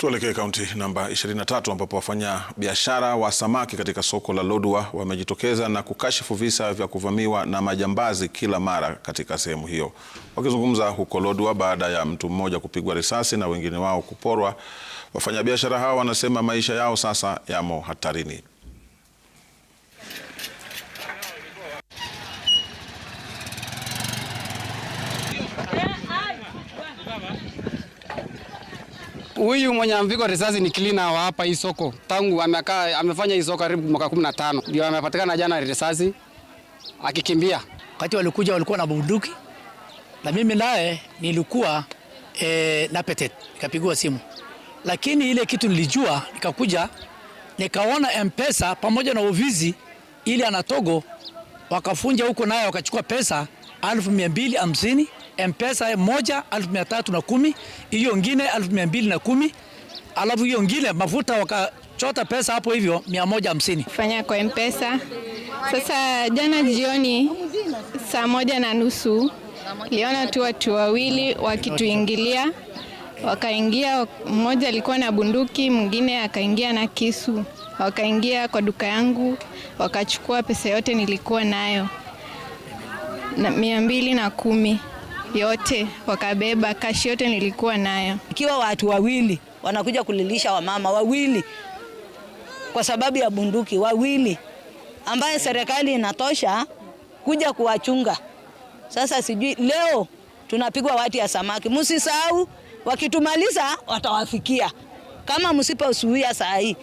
Tuelekee kaunti namba 23 ambapo wafanyabiashara wa samaki katika soko la Lodwar wamejitokeza na kukashifu visa vya kuvamiwa na majambazi kila mara katika sehemu hiyo. Wakizungumza huko Lodwar baada ya mtu mmoja kupigwa risasi na wengine wao kuporwa, wafanyabiashara hao wanasema maisha yao sasa yamo hatarini. Huyu mwenye amvigo risasi ni cleaner wa hapa hii soko, tangu amekaa amefanya hii soko karibu mwaka 15 ndio amepatikana jana risasi akikimbia. Wakati walikuja walikuwa na bunduki, na mimi naye nilikuwa e, na petet, nikapigiwa simu, lakini ile kitu nilijua, nikakuja nikaona mpesa pamoja na uvizi ile anatogo, wakafunja huko naye wakachukua pesa elfu mia mbili hamsini Mpesa moja alfu mia tatu na kumi hiyo ngine alfu mia mbili na kumi alafu hiyo ngine mafuta wakachota pesa hapo hivyo mia moja hamsini fanya kwa Mpesa. Sasa jana jioni saa moja na nusu liona tu watu wawili wakituingilia, wakaingia. Mmoja alikuwa na bunduki, mwingine akaingia na kisu, wakaingia kwa duka yangu wakachukua pesa yote nilikuwa nayo na mia mbili na kumi yote, wakabeba kashi yote nilikuwa nayo. Ikiwa watu wawili wanakuja kulilisha wamama wawili kwa sababu ya bunduki wawili, ambaye serikali inatosha kuja kuwachunga. Sasa sijui leo tunapigwa wati ya samaki. Msisahau, wakitumaliza watawafikia kama msiposuia saa hii.